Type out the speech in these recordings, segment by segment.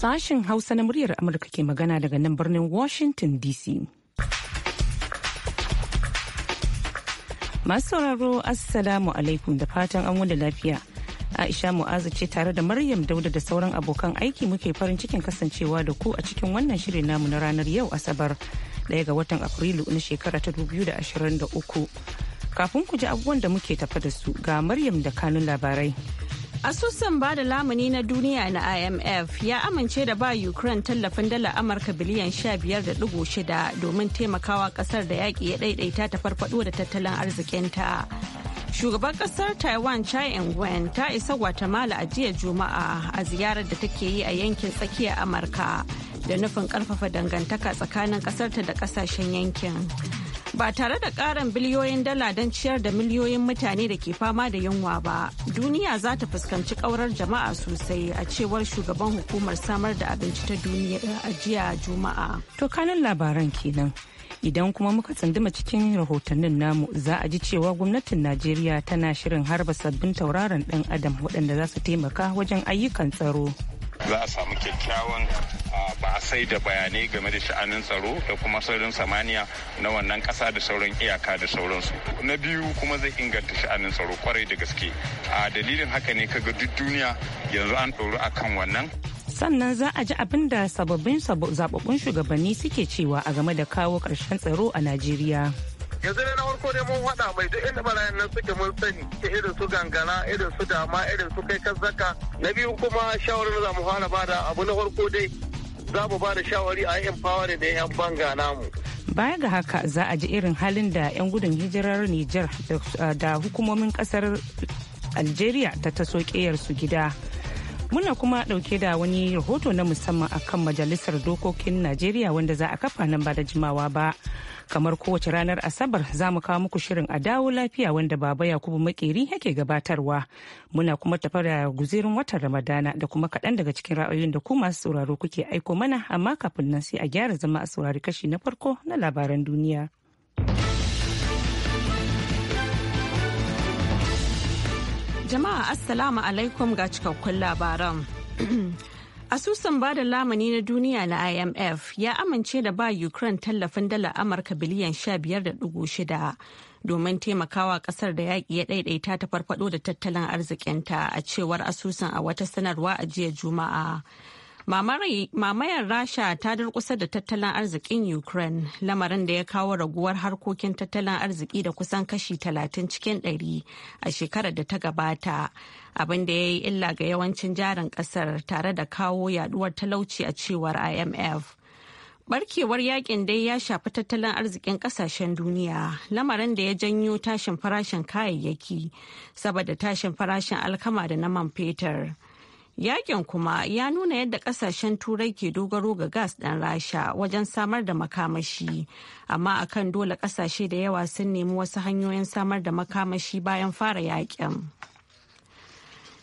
Sashen Hausa na muryar Amurka ke magana daga nan birnin Washington DC. Masu sauraro Assalamu alaikum da fatan an wanda lafiya. Aisha Mu'azu ce tare da Maryam Dauda da sauran abokan aiki muke farin cikin kasancewa da ku a cikin wannan shirin namu na ranar yau Asabar daya ga watan Afrilu na shekara ta uku Kafin ku ji abubuwan da muke tafa da su ga Maryam da kanun labarai. Asusun ba da lamuni na duniya na IMF ya amince da ba Ukraine tallafin dala Amurka biliyan 15.6 domin taimakawa kasar da yaƙi ya ɗaiɗaita ta farfado da tattalin arzikinta. Shugaban kasar Taiwan Chai Ing-wen ta isa Guatemala a jiya Juma'a a ziyarar da take yi a yankin tsakiyar Amurka da nufin ƙarfafa dangantaka tsakanin ƙasarta da ƙasashen yankin. ba tare da ƙarin biliyoyin dala don ciyar da miliyoyin mutane da ke fama da yunwa ba duniya za ta fuskanci ƙaurar jama'a sosai a cewar shugaban hukumar samar da abinci ta duniya eh, a jiya juma'a to kanin labaran kenan idan kuma muka tsunduma cikin rahotannin namu za a ji cewa gwamnatin najeriya tana shirin harba sabbin tauraron ɗan adam waɗanda za su taimaka wajen ayyukan tsaro za a samu kyakkyawan ba sai da bayanai game da sha'anin tsaro da kuma saurin samaniya na wannan ƙasa da sauran iyaka da sauransu na biyu kuma zai inganta sha'anin tsaro kwarai da gaske a dalilin haka ne kaga duk duniya yanzu an ɗoru akan wannan sannan za a ji abin da sababbin zababbun shugabanni suke cewa a game da kawo ƙarshen tsaro a najeriya yanzu na farko dai mun hada mai duk inda barayin nan suke mun sani irin su gangara irin su dama irin su kai kazzaka na biyu kuma shawarar za mu fara bada abu na farko dai za mu bada shawari a yin da yan banga namu baya ga haka za a ji irin halin da 'yan gudun hijirar niger da hukumomin kasar algeria ta taso su gida muna kuma dauke da wani rahoto na musamman akan majalisar dokokin najeriya wanda za a kafa nan ba da jimawa ba kamar kowace ranar asabar za mu kawo muku shirin a dawo lafiya wanda baba yakubu makeri yake gabatarwa muna kuma tafa da guzirin watan ramadana da kuma kaɗan daga cikin ra'ayoyin da ku masu sauraro kuke aiko mana amma kafin nan sai a gyara zama a saurari kashi na farko na labaran duniya. jama'a assalamu alaikum ga cikakkun labaran Asusun bada lamani na duniya na IMF ya amince da ba Ukraine tallafin dala Amurka biliyan 15.6 domin taimakawa kasar da yaƙi ya ɗaiɗaita ta farfado da tattalin arzikinta a cewar asusun a wata sanarwa a jiya Juma'a. Mamayar Rasha ta durkusa da tattalin arzikin Ukraine, lamarin da ya kawo raguwar harkokin tattalin arziki da kusan kashi 30 cikin 100 a shekarar da ta gabata. Abin da ya yi illa ga yawancin jarin kasar tare da kawo yaduwar talauci a cewar IMF. Barkewar yakin dai ya shafi tattalin arzikin kasashen duniya, lamarin da ya janyo tashin farashin kayayyaki, saboda tashin farashin alkama da na man fetur. Yakin kuma ya nuna yadda kasashen turai ke dogaro ga gas ɗin rasha wajen samar da makamashi, amma akan dole kasashe da yawa sun nemi wasu hanyoyin samar da makamashi bayan fara yakin.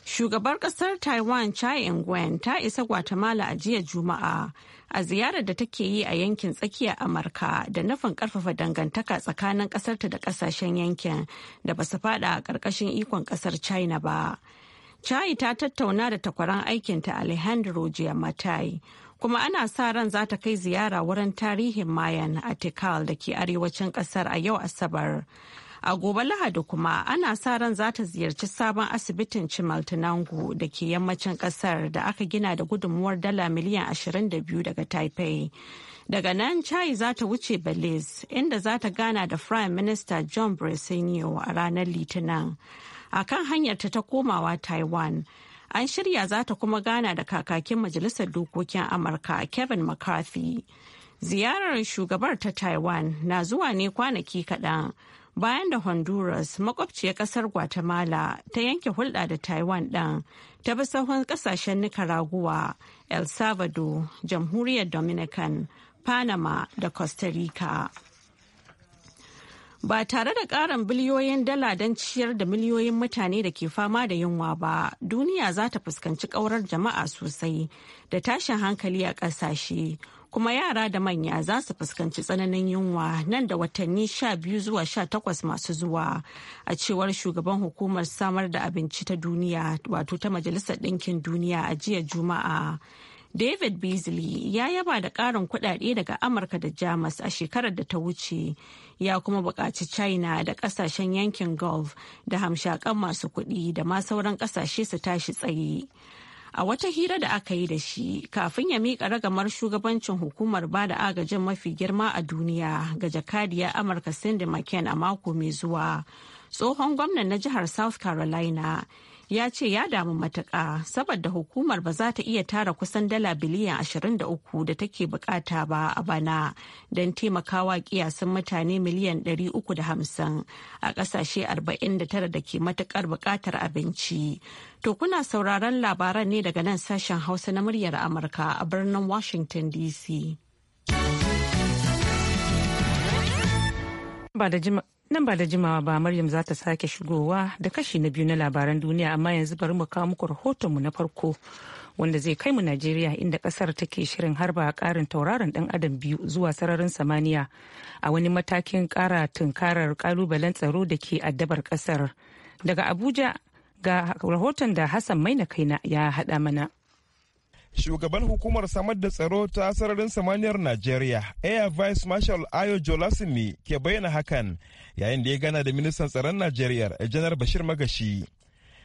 Shugabar kasar Taiwan Chai ing ta isa Guatemala a jiya Juma'a a ziyarar da take yi a yankin tsakiyar Amurka da nufin ƙarfafa dangantaka tsakanin kasarta da kasashen yankin da ba su fada a ƙarƙashin ikon ƙasar China ba. Chai ta tattauna da takwaran aikinta Alejandro matai kuma ana sa ran za ta kai ziyara wurin tarihin Mayan a Tikal da ke arewacin kasar a yau Asabar. A gobe Lahadi kuma ana sa ran za ta ziyarci sabon asibitin Chimaltenango da ke yammacin kasar da aka gina da gudunmuwar dala miliyan 22 daga Taipei. Daga nan Chai za ta wuce Belize inda za ta gana da Prime Minister John Bresenio a ranar Litinin. a kan hanyarta ta komawa Taiwan. An shirya za ta kuma gana da kakakin Majalisar Dokokin Amurka Kevin McCarthy. Ziyarar shugabar ta Taiwan na zuwa ne kwanaki kaɗan bayan da Honduras makwabciyar ƙasar Guatemala ta yanke hulɗa da Taiwan ɗan ta bi sahun ƙasashen Nicaragua, El Salvador, Jamhuriyar Dominican, Panama da Costa Rica. ba tare da ƙarin biliyoyin dala don ciyar da miliyoyin mutane da ke fama da yunwa ba duniya za ta fuskanci ƙaurar jama'a sosai da tashin hankali a ƙasashe kuma yara da manya za su fuskanci tsananin yunwa nan da watanni sha biyu zuwa sha takwas masu zuwa a cewar shugaban hukumar samar da abinci ta duniya wato ta majalisar ɗinkin duniya a jiya juma'a David Beasley ya yaba da ƙarin kuɗaɗe daga Amurka da Jamus a shekarar da ta wuce, ya kuma buƙaci China da ƙasashen yankin Gulf da hamshakan masu kuɗi da ma sauran ƙasashe su tashi tsaye. A wata hira da aka yi da shi kafin ya miƙa ragamar shugabancin hukumar ba da agajin mafi girma a duniya ga jakadiyar Amurka Cindy McCain a mako mai zuwa. Tsohon gwamnan na jihar South Carolina ya ce ya damu matuƙa saboda hukumar ba za ta iya tara kusan dala biliyan 23 da take bukata ba a bana don taimakawa kiyasin mutane miliyan 350 a ƙasashe 49 da ke matuƙar buƙatar abinci. To kuna sauraron labaran ne daga nan sashen Hausa na muryar Amurka a birnin Washington DC. Nan ba da jimawa ba Maryam za ta sake shigowa da kashi na biyu na labaran duniya amma yanzu bari mu kawo muku rahotonmu na farko wanda zai kai mu Najeriya inda kasar take shirin harba karin tauraron dan adam biyu zuwa sararin samaniya a wani matakin kara tunkarar kalubalen tsaro da ke addabar kasar. Daga Abuja ga rahoton da Hassan Maina kaina ya haɗa mana. shugaban hukumar samar da tsaro ta sararin samaniyar Najeriya, Air Vice Marshal Ayo Jolasimi ke bayyana hakan yayin da ya gana da ministan tsaron Najeriya, Janar Bashir Magashi.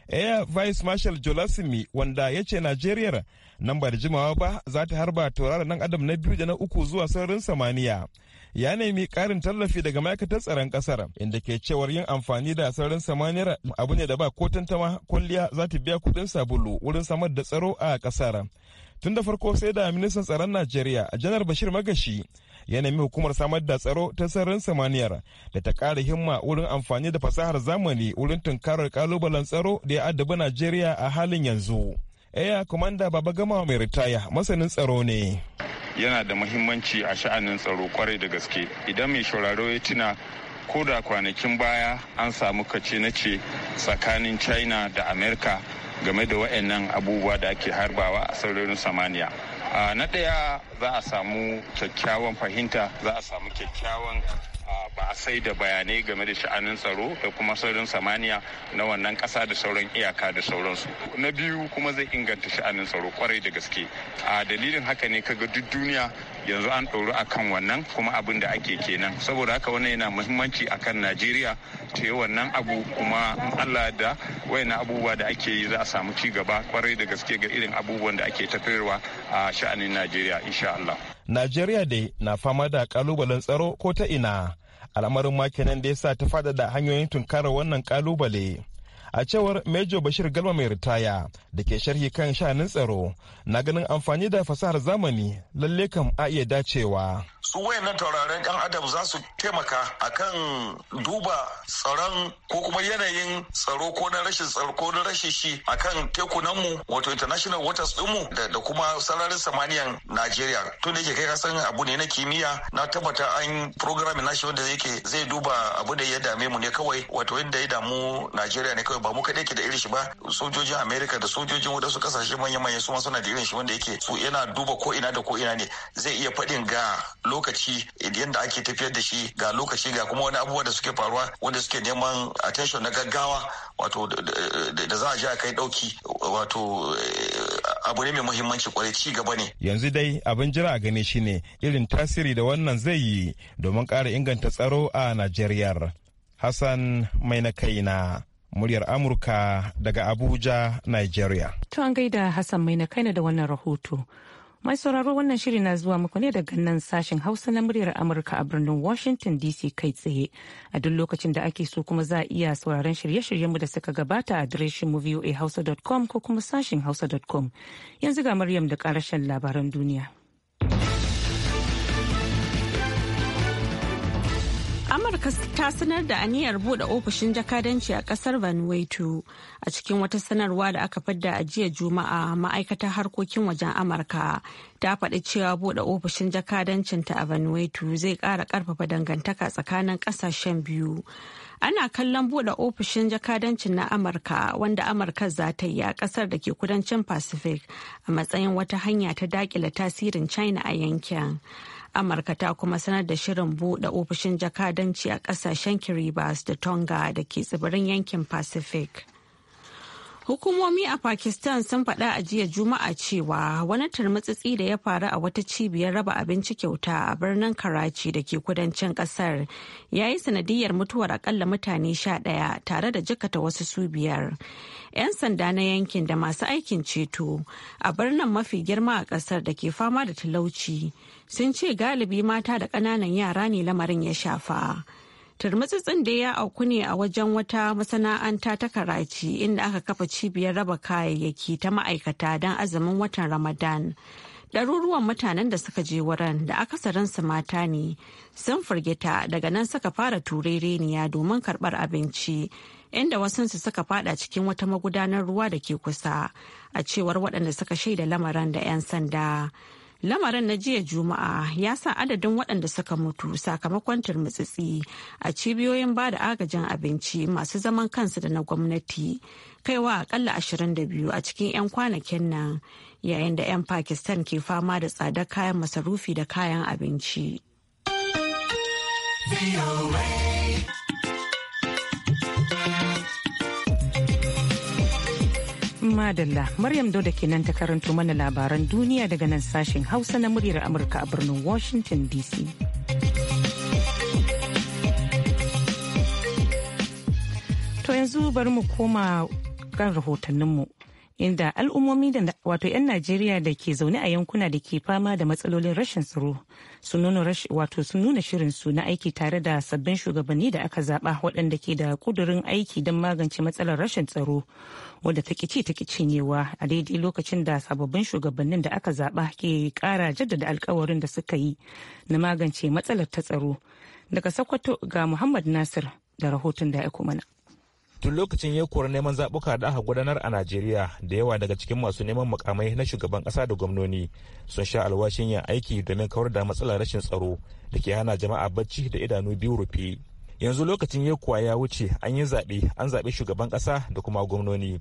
Air Vice Marshal Jolasimi wanda ya ce Najeriya nan ba da jimawa ba za ta harba tauraron nan adam na biyu da na uku zuwa sararin samaniya. Ya nemi karin tallafi daga ma'aikatar tsaron kasar inda ke cewar yin amfani da sararin samaniyar abu ne da ba ko tantama kwalliya za ta biya kudin sabulu wurin samar da tsaro a kasar. tun da farko sai da ministan tsaron najeriya janar bashir magashi ya nemi hukumar samar da tsaro ta sararin samaniyar da ta kara himma wurin amfani da fasahar zamani wurin tunkarar kalubalen tsaro da ya addabi najeriya a halin yanzu Eya Komanda Baba Gama mai ritaya masanin tsaro ne. Yana da muhimmanci a sha'anin tsaro kwarai da gaske. Idan mai shauraro ya tuna ko da kwanakin baya an samu kace na ce tsakanin China da Amerika game da waɗannan abubuwa da ake harbawa a sararin samaniya ah, na ɗaya za a samu kyakkyawan fahimta za a samu kyakkyawan ba a sai da bayanai game da sha'anin tsaro da kuma saurin samaniya na wannan kasa da sauran iyaka da sauransu na biyu kuma zai inganta sha'anin tsaro kwarai da gaske a dalilin haka ne kaga duk duniya yanzu an ɗoru kan wannan kuma abin da ake kenan saboda haka wannan yana muhimmanci a kan najeriya ta yi wannan abu kuma in allah da wayannan abubuwa da ake yi za a samu ci gaba kwarai da gaske ga irin abubuwan da ake tafiyarwa a sha'anin najeriya insha allah najeriya dai na fama da kalubalen tsaro ko ta ina al'amarin makinan da ya sa ta faɗaɗa hanyoyin tunkarar wannan kalubale a cewar mejo bashir galma mai ritaya da ke sharhi kan shanin tsaro na ganin amfani da fasahar zamani lalle kam a iya dacewa su wayannan tauraron yan adam za su taimaka akan duba tsaron ko kuma yanayin tsaro ko na rashin tsaro ko na rashin shi akan tekunanmu wato international waters dinmu da kuma sararin samaniyan najeriya tun da yake kai kasan abu ne na kimiyya na tabbata an programming nashi wanda zai duba abu da ya dame mu ne kawai wato inda ya damu najeriya ne kawai ba mu kaɗai ke da irin shi ba sojojin america da sojojin wadansu kasashe manya-manya su suna da irin shi wanda yake su yana duba ko ina da ko ina ne zai iya faɗin ga lokaci yadda ake tafiyar da shi ga lokaci ga kuma wani abubuwa da suke faruwa wanda suke neman attention na gaggawa wato da za a je a kai ɗauki wato eh, abu ne mai muhimmanci kwarai ci gaba ne. Yanzu dai abin jira a gani shine irin tasiri da wannan zai yi domin ƙara inganta tsaro a Najeriya. Hassan mai na kaina muryar Amurka daga Abuja, Nigeria. To an gaida Hassan mai na kaina da wannan rahoto. Mai sauraro wannan shiri na zuwa muku ne daga nan sashen Hausa na muryar Amurka a birnin Washington DC kai tsaye. A duk lokacin da ake so kuma za a iya sauraron shirye-shiryenmu da suka gabata a adireshin mu voahausa.com ko kuma sashen hausa.com. Yanzu ga Maryam da karashen labaran duniya. Amurka ta sanar da aniyar bude ofishin jakadanci a kasar Vanuatu a cikin wata sanarwa da aka fadda a jiya Juma'a ma'aikatar harkokin wajen Amurka ta faɗi cewa bude ofishin jakadancin ta a Vanuatu zai ƙara ƙarfafa dangantaka tsakanin ƙasashen biyu. Ana kallon bude ofishin jakadancin na Amurka wanda Amurka za ta yi a ƙasar da ke kudancin Pacific a matsayin wata hanya ta daƙile tasirin China a yankin. amurka ta kuma sanar da shirin buɗe ofishin jakadanci a ƙasashen kiribas da tonga da ke tsibirin yankin pacific Hukumomi a Pakistan sun faɗa a jiya Juma'a cewa wani turmutsitsi da ya faru a wata cibiyar raba abinci kyauta a birnin Karachi da ke kudancin ƙasar ya yi sanadiyar mutuwar akalla mutane sha ɗaya tare da jikata wasu su biyar. 'Yan sanda na yankin da masu aikin ceto a birnin mafi girma a ƙasar da ke fama da talauci sun ce galibi mata da ƙananan yara ne lamarin ya shafa. turmutsutsin da ya auku ne a wajen wata masana'anta ta karaci inda aka kafa cibiyar raba kayayyaki ta ma'aikata don azumin watan ramadan ɗaruruwan mutanen da suka je wurin da akasarinsu mata ne sun firgita daga nan suka fara turereniya domin karɓar abinci inda wasansu suka fada cikin wata magudanar ruwa da ke kusa a cewar waɗanda suka shaida lamarin da 'yan sanda. lamarin na jiya juma'a ya sa adadin waɗanda suka mutu sakamakon turmutsitsi a cibiyoyin ba da agajin abinci masu zaman kansu da na gwamnati kaiwa akalla 22 a cikin 'yan kwanakin nan yayin da 'yan pakistan ke fama da tsadar kayan masarufi da kayan abinci. madalla Maryam Dauda kenan ta karanto mana labaran duniya daga nan sashen Hausa na muryar Amurka a birnin Washington DC. To yanzu bari mu koma kan rahotanninmu. inda al'ummomi da wato 'yan najeriya da ke zaune a yankuna da ke fama da matsalolin rashin tsaro sun nuna shirin su na aiki tare da sabbin shugabanni da aka zaba waɗanda ke da kudurin aiki don magance matsalar rashin tsaro wadda ta kici ta kicinyewa a daidai lokacin da sababbin shugabannin da aka zaba ke ƙara jaddada alkawarin da suka yi na magance matsalar ta tsaro daga sokoto ga muhammad nasir da rahoton da ya mana. tun lokacin ya neman zabuka da aka gudanar a najeriya da yawa daga cikin masu neman makamai na shugaban ƙasa da gwamnoni sun sha alwashin yin aiki domin kawar da matsalar rashin tsaro da ke hana jama'a bacci da idanu biyu rufe yanzu lokacin ya ya wuce an yi zaɓe an zaɓi shugaban ƙasa da kuma gwamnoni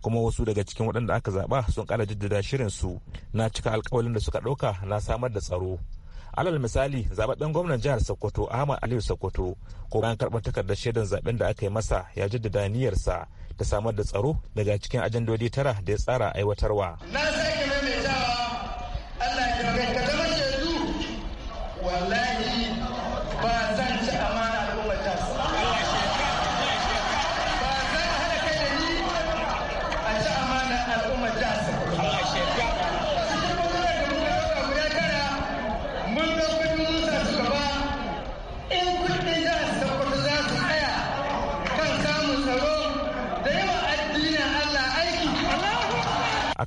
kuma wasu daga cikin waɗanda aka zaɓa sun ƙara jaddada shirin su na cika alkawalin da suka ɗauka na samar da tsaro alal misali ɗan gwamnan jihar sokoto ahmad aliyu sokoto ko bayan karɓar takardar shaidar zaben da aka yi masa ya jaddada niyyarsa ta samar da tsaro daga cikin ajandodi tara da ya tsara aiwatarwa na sake maimaitawa allah ya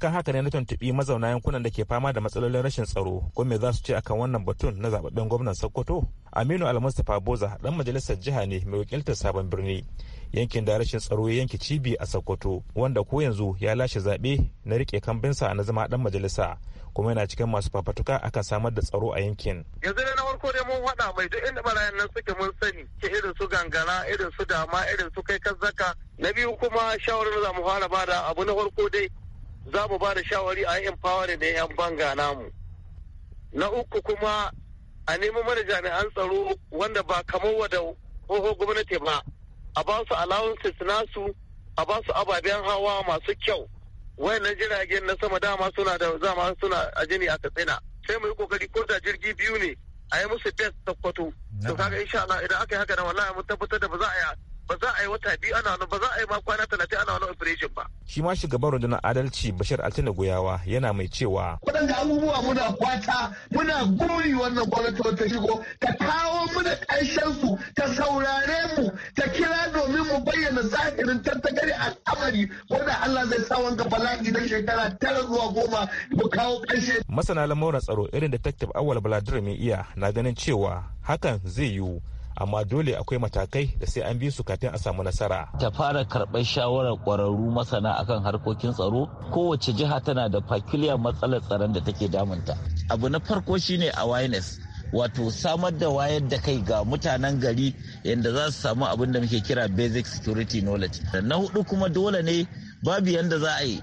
kan haka ne na tuntuɓi mazauna yankunan da ke fama da matsalolin rashin tsaro ko me za su ce akan wannan batun na zababben gwamnan sokoto aminu almustapha boza dan majalisar jiha ne mai wakiltar sabon birni yankin da rashin tsaro ya yanke cibi a sokoto wanda ko yanzu ya lashe zaɓe na riƙe kambinsa na zama dan majalisa kuma yana cikin masu fafatuka akan samar da tsaro a yankin. Yanzu da na farko dai mun faɗa mai duk inda barayan nan suke mun sani ke irin su gangara irin su dama irin su kai kazzaka na biyu kuma shawarar za mu fara bada abu na farko dai za mu ba da shawari a yi empowering da 'yan banga namu na uku kuma a nemi mana jami'an tsaro wanda ba kamar wada hoho gwamnati ba a ba su allowances nasu a ba su ababen hawa masu kyau wayannan jiragen na sama dama suna da zama suna a jini a katsina sai mu yi kokari ko da jirgi biyu ne a yi musu test tabbato to kaga insha Allah idan aka yi haka da wallahi mun tabbatar da ba za a yi ba za a yi wata biyu ana wani ba za a yi ma kwana talatin ana wani operation ba. shi ma shugaban rundunar adalci bashir altina goyawa yana mai cewa. waɗanda abubuwa muna kwata muna guri wannan gwamnati wata shigo ta kawo muna ƙarshen su ta saurare mu ta kira domin mu bayyana zahirin tattakari a al'amari wanda Allah zai sa wanka bala'i na shekara tara zuwa goma mu kawo ƙarshe. masana lamuran tsaro irin da taktab awal baladir mai iya na ganin cewa hakan zai yiwu amma dole akwai matakai da sai an bi su kafin a samu nasara. Ta fara karɓar shawarar ƙwararru masana akan harkokin tsaro kowace jiha tana da fakiliya matsalar tsaron da take damunta. Abu na farko shine awareness wato samar da wayar da kai ga mutanen gari yadda za su samu abin da muke kira basic security knowledge. Na hudu kuma dole ne babu yadda za a yi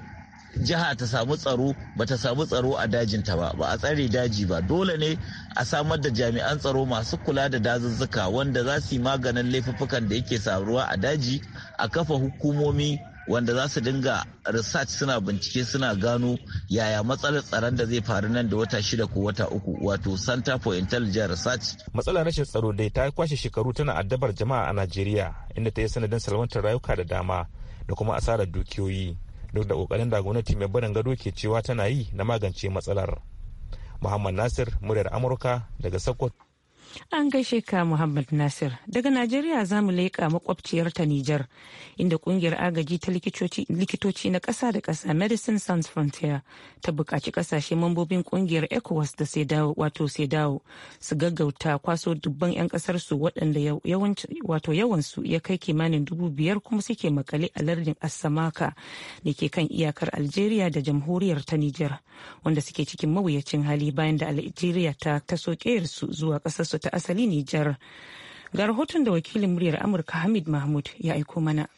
jiha ta samu tsaro ba ta samu tsaro a dajinta ba ba a tsare daji ba dole ne a samar da jami'an tsaro masu kula da dazuzzuka wanda za su yi maganin laifuffukan da yake saruwa a daji a kafa hukumomi wanda za su dinga research suna bincike suna gano yaya matsalar tsaron da zai faru nan da wata shida ko wata uku wato center for intelligence research matsalar rashin tsaro dai ta kwashe shekaru tana addabar jama'a a najeriya inda ta yi sanadin salwantar rayuka da dama da kuma asarar dukiyoyi duk da kokarin da gwamnati mai barin gado ke cewa tana yi na magance matsalar muhammad nasir muryar amurka daga sokoto An gaishe ka Muhammad Nasir. Daga Najeriya za mu leƙa makwabciyar ta Nijar, inda kungiyar agaji ta likitoci na ƙasa da ƙasa Medicine Sans Frontier ta buƙaci ƙasashe mambobin kungiyar ECOWAS da dawo wato dawo su gaggauta kwaso dubban 'yan ƙasar su waɗanda wato su ya kai kimanin dubu biyar kuma suke makale a lardin Assamaka da ke kan iyakar Algeria da jamhuriyar ta Nijar, wanda suke cikin mawuyacin hali bayan da Algeria ta taso su zuwa su ta asali Nijar. Ga rahoton da wakilin muryar Amurka Hamid Mahmud ya aiko mana.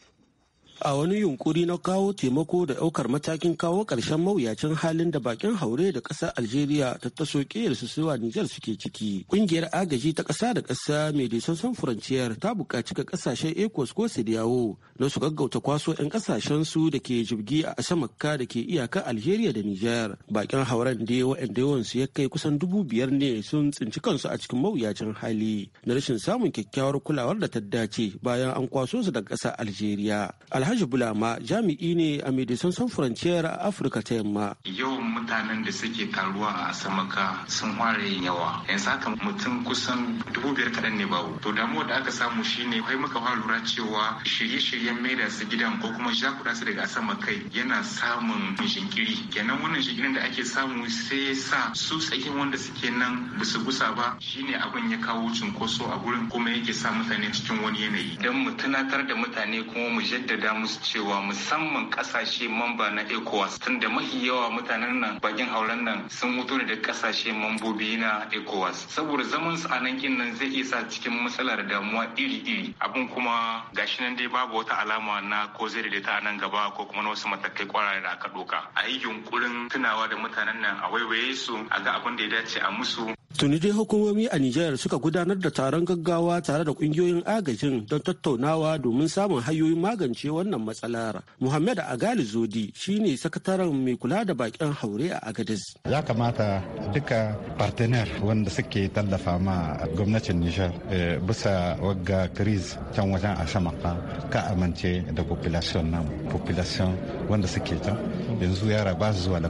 a wani yunkuri na kawo taimako da ɗaukar matakin kawo ƙarshen mawuyacin halin da bakin haure da ƙasar algeria ta taso su zuwa nijar suke ciki ƙungiyar agaji ta ƙasa da ƙasa mai disansan furanciyar ta buƙaci ga ƙasashen ecos ko sidiyawo na su gaggauta kwaso 'yan ƙasashen su da ke jirgi a asamakka da ke iyaka algeria da nijar bakin hauren da waɗanda yawan su ya kai kusan dubu biyar ne sun tsinci kansu a cikin mawuyacin hali na rashin samun kyakkyawar kulawar da ta dace bayan an kwaso su daga ƙasar algeria Alhaji Bulama jami'i ne a Medicine Sans Frontier a Afirka ta Yamma. Yau mutanen da suke taruwa a Asamaka sun ware yawa. Yanzu haka mutum kusan dubu biyar kaɗan ne bawo. To damuwa da aka samu shine kai muka fara lura cewa shirye-shiryen maida su gidan ko kuma shi zaku su daga Asamakai yana samun jinkiri. Kenan wannan jinkirin da ake samu sai sa su tsakin wanda suke nan bisa gusa ba shine abin ya kawo cunkoso a gurin kuma yake sa mutane cikin wani yanayi. Don mu tunatar da mutane kuma mu jaddada musu cewa musamman kasashe mamba na ECOWAS tun da mahi yawa mutanen nan bakin hauren nan sun mutu ne da kasashe mambobi na ECOWAS saboda zaman su a nan kin nan zai isa cikin matsalar damuwa iri-iri abun kuma gashi nan dai babu wata alama na ko zai daidaita a nan gaba ko kuma na wasu matakai kwarare da aka doka a yi yunkurin tunawa da mutanen nan a waiwaye su a ga abin da ya dace a musu Tuni dai hukumomi a Nijar suka gudanar da taron gaggawa tare da kungiyoyin agajin don tattaunawa domin samun hanyoyin magance wannan matsalar. Muhammad Agali Zodi shine sakataren mai kula da bakin haure a agadis. Ya kamata duka partner wanda suke tallafa ma gwamnatin Nijar eh, bisa wagga kriz can wajen a sama ka amince da population nan population wanda suke can yanzu yara ba su zuwa da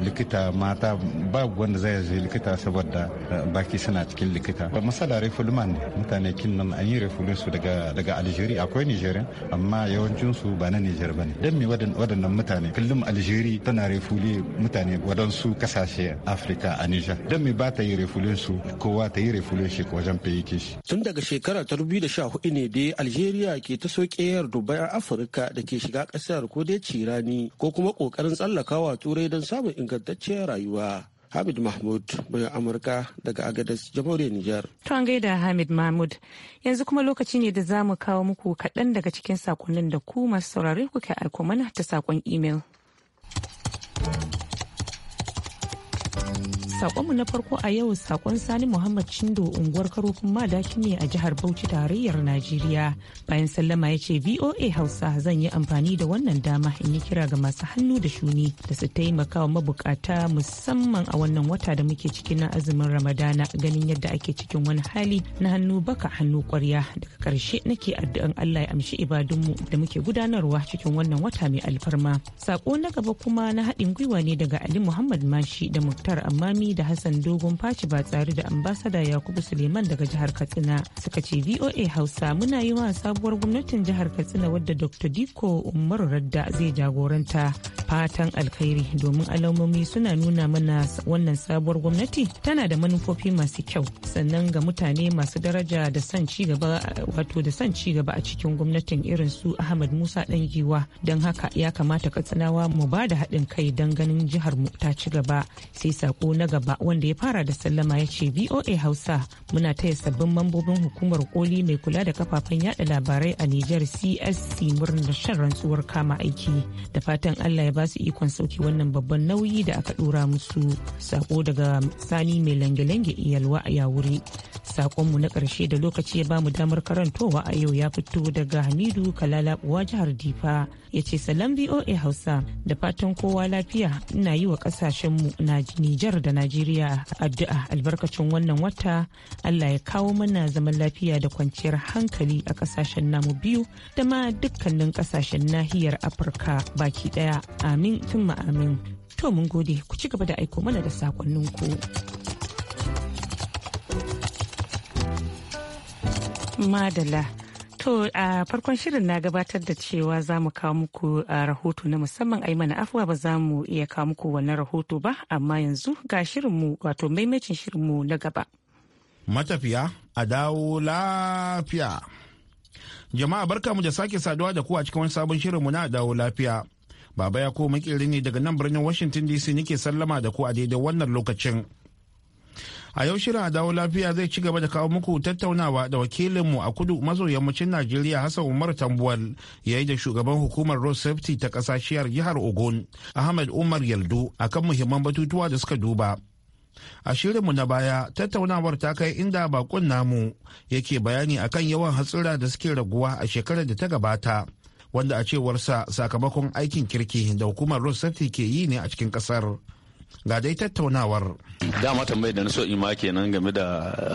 likita mata babu wanda zai zai likita saboda baki suna cikin likita ba masala refulman ne mutane kin nan an yi refulun su daga daga algeria akwai nigeria amma yawancin su ba na nigeria bane dan me waɗannan mutane kullum algeria tana refuli mutane wadansu kasashe afirka a niger dan me ba ta yi refulun su kowa ta yi refulin shi wajen fayyake shi tun daga shekara ta 2014 ne dai algeria ke ta yar dubai a afirka da ke shiga kasar ko dai cirani ko kuma kokarin tsallakawa turai don samun ingantacciyar rayuwa Hamid Mahmud mai Amurka daga Agadez, Jamhuriyar Nijar. Tuwan gaida Hamid Mahmud. Yanzu kuma lokaci ne da za mu kawo muku kaɗan daga cikin sakonnin da ku masu saurare kuke aiko mana ta sakon imel. Sakonmu na farko a yau sakon Sani Muhammad Shindo unguwar karo kuma Madaki ne a jihar Bauchi tarayyar Najeriya. Bayan sallama ya ce VOA Hausa zan yi amfani da wannan dama in yi kira ga masu hannu da shuni da su taimaka wa mabukata musamman a wannan wata da muke cikin na azumin Ramadana ganin yadda ake cikin wani hali na hannu baka hannu kwarya daga karshe nake addu'an Allah ya amshi ibadunmu da muke gudanarwa cikin wannan wata mai alfarma. Sako na gaba kuma na haɗin gwiwa ne daga Ali Muhammad Mashi da Muktar Amami Alheri da Hassan Dogon Faci ba tsari da ambasada Yakubu Suleiman daga jihar Katsina suka ce VOA Hausa muna yi wa sabuwar gwamnatin jihar Katsina wadda Dr. Diko Umar Radda zai jagoranta fatan alkhairi domin alamomi suna nuna mana wannan sabuwar gwamnati tana da manufofi masu kyau sannan ga mutane masu daraja da san ci gaba wato da son ci gaba a cikin gwamnatin irin su Ahmad Musa giwa don haka ya kamata Katsinawa mu ba da haɗin kai don ganin jihar mu ta ci gaba sai sako na gaba wanda ya fara da sallama ya ce VOA Hausa muna taya sabbin mambobin hukumar koli mai kula da kafafen yada labarai a Nijar CSC murnar shan rantsuwar kama aiki da fatan Allah ya ba su ikon sauki wannan babban nauyi da aka dora musu sako daga sani mai lange-lange iyalwa a yawuri. Sakonmu na ƙarshe da lokaci ya bamu damar karantowa a yau ya fito daga Hamidu Kalala uwa jihar Difa ya ce salam VOA Hausa da fatan kowa lafiya ina yi wa ƙasashenmu na Nijar da na Najeriya addu'a albarkacin wannan wata Allah ya kawo mana zaman lafiya da kwanciyar hankali a kasashen namu biyu da ma dukkanin kasashen nahiyar Afirka baki daya amin tun amin. To mun gode ku ci gaba da aiko mana da sakonninku. Madala To a farkon shirin na gabatar da cewa za mu kawo muku rahoto na musamman a mana afuwa ba za mu iya kawo muku wannan rahoto ba amma yanzu ga shirinmu wato maimacin shirinmu na gaba. Matafiya a dawo lafiya. Jama'a barka mu da sake saduwa da ku a cikin wani sabon shirinmu na dawo lafiya. Baba ya ko makeri ne daga nan birnin Washington DC nake sallama da ku a daidai wannan lokacin. A yau shirin a dawo lafiya zai ci gaba da kawo muku tattaunawa da wakilinmu a kudu maso yammacin Najeriya Hassan Umar Tambuwal yayi da shugaban hukumar Road Safety ta kasashiyar jihar Ogun Ahmed Umar Yaldo akan muhimman batutuwa da suka duba. A shirinmu na baya tattaunawar ta kai inda bakon namu yake bayani akan yawan hatsura da suke raguwa a shekarar da ta gabata. Wanda a cewarsa sakamakon aikin kirki da hukumar Road Safety ke yi ne a cikin kasar. ga dai tattaunawar dama tambayar da na so in kenan game da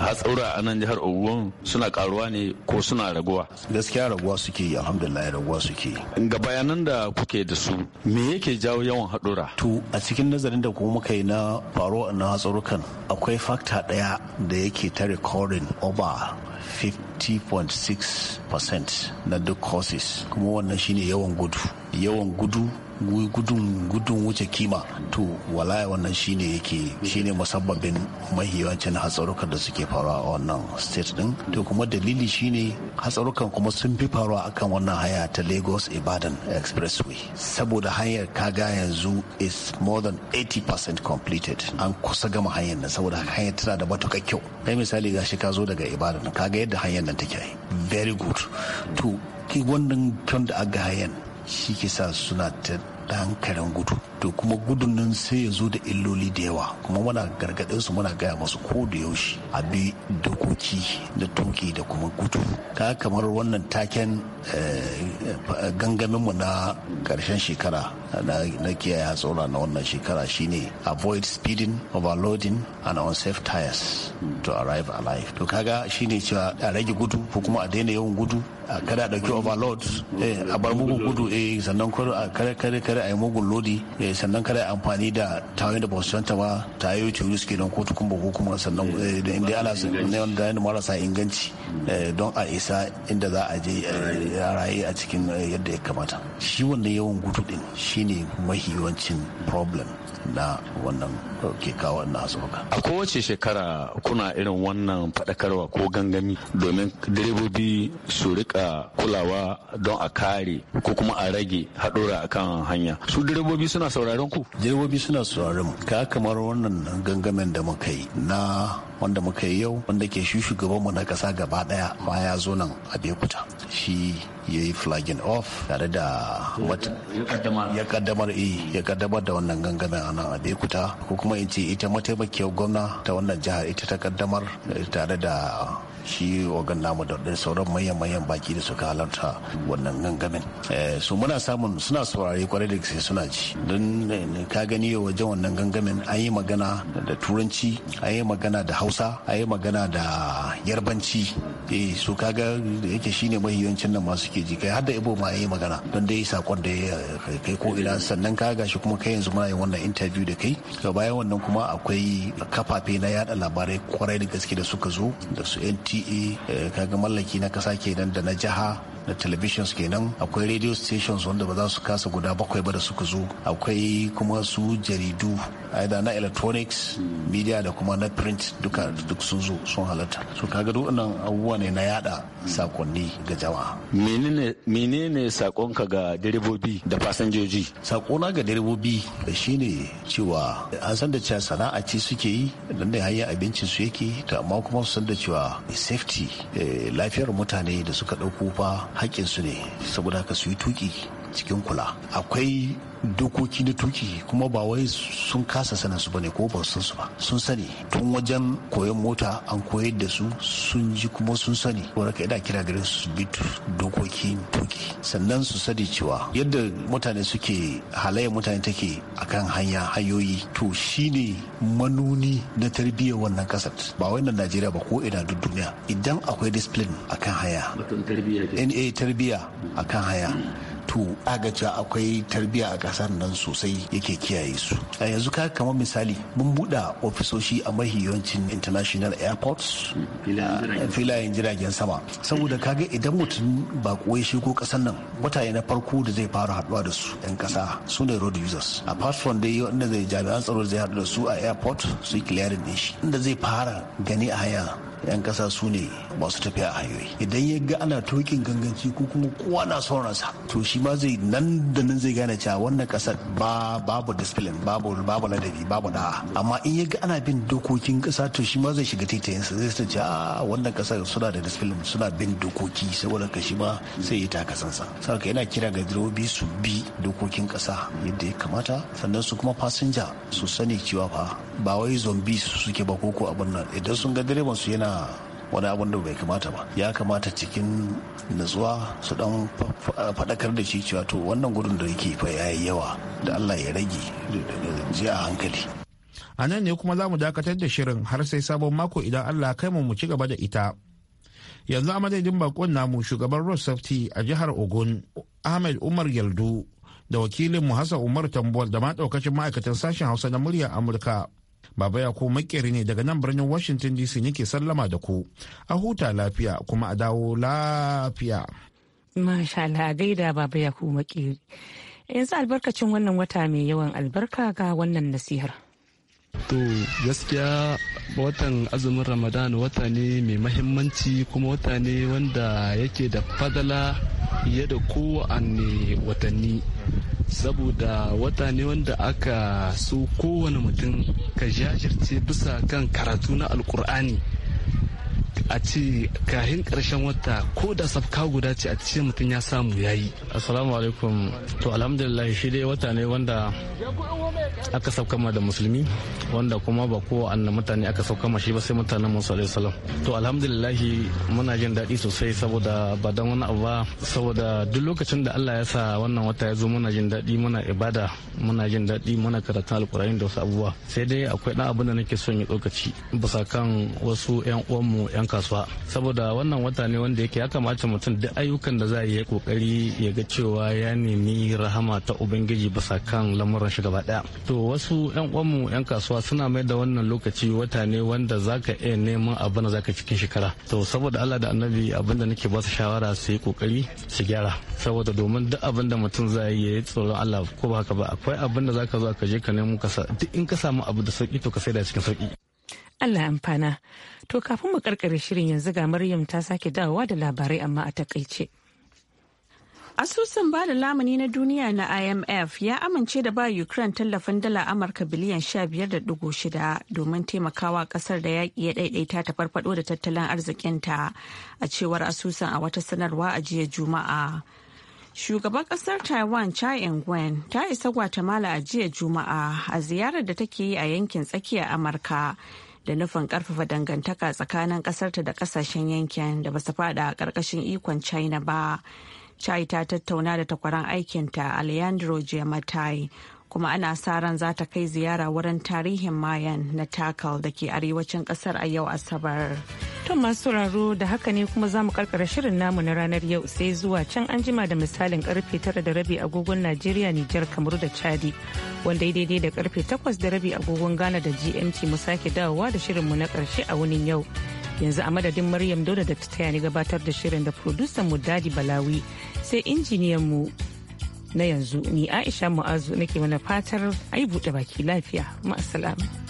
hatsaura a nan jihar ogun suna karuwa ne ko suna raguwa gaskiya raguwa suke yi alhamdulillah raguwa suke ga bayanan da kuke da su me yake jawo yawan hatsura to a cikin nazarin da kuma muka yi na faro na hatsarukan akwai fakta ɗaya da yake ta recording over 50.6% na duk courses kuma wannan shine yawan gudu yawan gudu gudun gudun wuce kima to walaya wannan shine yake shine musabbabin mahiyancin hatsarukan da suke faruwa a wannan state din to kuma dalili shine hatsarukan kuma sun fi faruwa akan wannan haya ta Lagos Ibadan expressway saboda hanyar kaga yanzu is more than 80% completed an kusa gama hanyar nan saboda hanyar tana da matukar kyau kai misali gashi ka zo daga Ibadan kaga yadda hanyar nan take very good to ki wannan tun da aga hayan shi ke suna ta ɗan karen gudu to kuma gudun nan sai ya zo da illoli da yawa kuma muna gargaɗin su muna gaya masu ko da yaushe a bi dokoki da tuki da kuma gudu ka kamar wannan taken eh, gangaminmu na karshen shekara na kiyaye tsora na wannan shekara shine avoid speeding overloading and unsafe tires to arrive alive to kaga shine cewa a rage gudu ko kuma a daina yawan gudu a kada dauki overload eh, a bar mugun gudu eh, sannan kare kare kare a yi mugun lodi sannan kada amfani da tawaye da basuwanta ba ta yi wuri suke don kotu kuma ko kuma sannan da eh, inda ana ne da marasa inganci eh, don a isa inda za a je eh, a raye a cikin yadda ya kamata shi wannan yawan gudu din shine mahiwancin problem na wannan ke kawo wannan hatsarurruka. A kowace shekara kuna irin wannan faɗakarwa ko gangami domin direbobi su rika kulawa don a kare ko kuma a rage haɗura kan hanya. Su direbobi suna sauraron ku? Direbobi suna sauraron mu. Ka kamar wannan gangamin da muka yi na wanda muka yi yau wanda ke shi shugabanmu na ƙasa gaba ɗaya ma ya zo nan a Bekuta shi ya yi flagin off tare da ya kaddamar ya kaddamar eh, da wannan gangana a nan a Bekuta ko kuma in ce ita mataimakiyar gwamna ta wannan jihar ita ta kaddamar eh, tare da shi ogan namu da sauran manyan manyan baki da suka halarta wannan gangamin eh, su muna samun suna saurari kwarai da sai suna ji don eh, ka gani wajen wannan gangamin an yi magana da turanci an yi magana da hausa an yi magana da yarbanci eh su kaga yake shine mahiyancin nan masu ke ji kai har da ibo ma yi magana don dai sakon da ya eh, kai ko ina sannan ka gashi kuma kai yanzu muna yin wannan interview da kai ga bayan wannan kuma akwai kafafe na yada labarai kwarai da gaske da suka zo da su NT Eh, Ka ga mallaki na kasa kenan da na jiha da televisions kenan akwai radio stations wanda ba za su kasa guda bakwai ba da suka zo akwai kuma su jaridu aida na electronics media da kuma na print duka duk sun zo sun halatta so kaga duk nan abubuwa ne na yada sakonni ga jama'a menene menene sakonka ga direbobi da fasinjoji sakona ga direbobi Da shine cewa an san da cewa sana'a ce suke yi dan da hanyar abincin su yake to amma kuma su san da cewa safety eh, lafiyar mutane da suka dauko fa haƙƙinsu ne saboda haka su yi tuki cikin kula akwai dokoki na tuki kuma ba wai sun kasa sanin su bane ko ba san su ba sun sani tun wajen koyon mota an koyar da su sun ji kuma sun sani ka ida kira gare su bi dokokin tuki sannan su sani cewa yadda mutane suke halayyar mutane take akan hanya hanyoyi to shine manuni na tarbiyyar wannan kasar ba wai na Najeriya ba ko ina duk duniya idan akwai discipline akan haya tarbiyya akan haya to aga akwai tarbiyya a kasar nan sosai yake kiyaye su a yanzu ka kamar misali mun buɗe ofisoshi a mahi international airports filayen jiragen sama saboda kaga idan mutum ba ya shigo kasar nan mutane na farko da zai fara haɗuwa da su 'yan kasa su ne road users a from dai wanda zai jami'an tsaro zai haɗu da su a airport su clearing din shi inda zai fara gani a haya 'yan kasa su ne su tafiya a hanyoyi idan ya ga ana tokin ganganci ko kuma kowa na son ransa to shi ma zai nan da nan zai gane cewa wannan kasar ba babu discipline babu babu ladabi babu da'a amma in ya ga ana bin dokokin kasa to shi ma zai shiga titayinsa zai san cewa wannan kasar suna da discipline suna bin dokoki saboda ka shi ma sai ya taka sansa saboda yana kira ga direbobi su bi dokokin kasa yadda ya kamata sannan su kuma fasinja su sani cewa fa ba wai zombi suke ba koko abin nan idan sun ga direban su yana wani abin da bai kamata ba ya kamata cikin nutsuwa su dan faɗakar da shi cewa to wannan gudun da yake fa yayi yawa da Allah ya rage ji a hankali a nan ne kuma za mu dakatar da shirin har sai sabon mako idan Allah kai mu mu ci gaba da ita yanzu a madadin bakon namu shugaban Safety a jihar Ogun Ahmed Umar Yaldu da wakilin mu Hassan Umar Tambuwal da ma daukacin ma'aikatan sashen Hausa na muryar Amurka Baba ya ko makeri ne daga nan birnin Washington DC nake sallama da ku. A huta lafiya kuma a dawo lafiya. Masha Allah gaida Baba ya makeri. Yanzu albarkacin wannan wata mai yawan albarka ga wannan nasihar. To gaskiya watan azumin Ramadan wata ne mai mahimmanci kuma wata ne wanda yake da fadala fiye da kowanne watanni. saboda wata ne wanda aka so kowane mutum ka jajirce bisa kan karatu na alkur'ani a ce kahin karshen wata ko da safka guda ce a ce mutum ya samu ya yi assalamu alaikum to alhamdulillah shi dai wata ne wanda aka ma da musulmi wanda kuma ba kowa annan mutane aka ma shi ba sai mutanen musu alaihi salam to alhamdulillah muna jin daɗi sosai saboda ba dan wani abu ba saboda duk lokacin da Allah ya sa wannan wata ya zo muna jin daɗi muna ibada muna jin daɗi muna karatun alkurani da wasu abubuwa sai dai akwai ɗan abin da nake son ya tsokaci bisa kan wasu 'yan uwanmu 'yan kasuwa kasuwa saboda wannan wata ne wanda yake ya kamata mutum duk ayyukan da za a yi kokari ya ga cewa ya nemi rahama ta ubangiji bisa kan lamuran shi gaba daya to wasu yan uwanmu yan kasuwa suna mai da wannan lokaci wata ne wanda zaka iya neman abin da zaka cikin shekara to saboda Allah da annabi abin da nake ba su shawara su yi kokari su gyara saboda domin duk abin da mutum za yi ya tsoron Allah ko ba haka ba akwai abin da zaka zo ka je ka nemo ka duk in ka samu abu da sauki to ka da cikin sauki Allah amfana. To kafin mu karkare shirin yanzu ga Maryam ta sake dawowa da labarai amma a takaice. Asusun ba da lamuni na duniya na IMF ya amince da ba Ukraine tallafin dala Amurka biliyan shida domin taimakawa kasar da yaƙi ya daidaita ta farfado da tattalin arzikinta a cewar asusun a wata sanarwa a jiya Juma'a. Shugaban kasar Taiwan Chai Ing-wen ta isa Guatemala a jiya Juma'a a ziyarar da take yi a yankin tsakiyar Amurka. da nufin karfafa dangantaka tsakanin kasarta da kasashen yankin da ba su fada a karkashin ikon china ba chai ta tattauna da takwaran aikinta alejandro giamatti kuma ana sa ran za ta kai ziyara wurin tarihin mayan na takal da ke arewacin kasar a yau asabar tun masu sauraro da haka ne kuma za mu karkara shirin namu na ranar yau sai zuwa can an jima da misalin karfe tara da rabi agogon najeriya nijar kamaru da chadi wanda ya daidai da karfe takwas da rabi agogon ghana da gmt mu sake dawowa da shirin mu na karshe a wunin yau yanzu a madadin maryam dole da ta taya ni gabatar da shirin da mu dadi balawi sai injiniyan mu na yanzu ni aisha mu'azu nake mana fatar ayi buɗe baki lafiya ma'asalama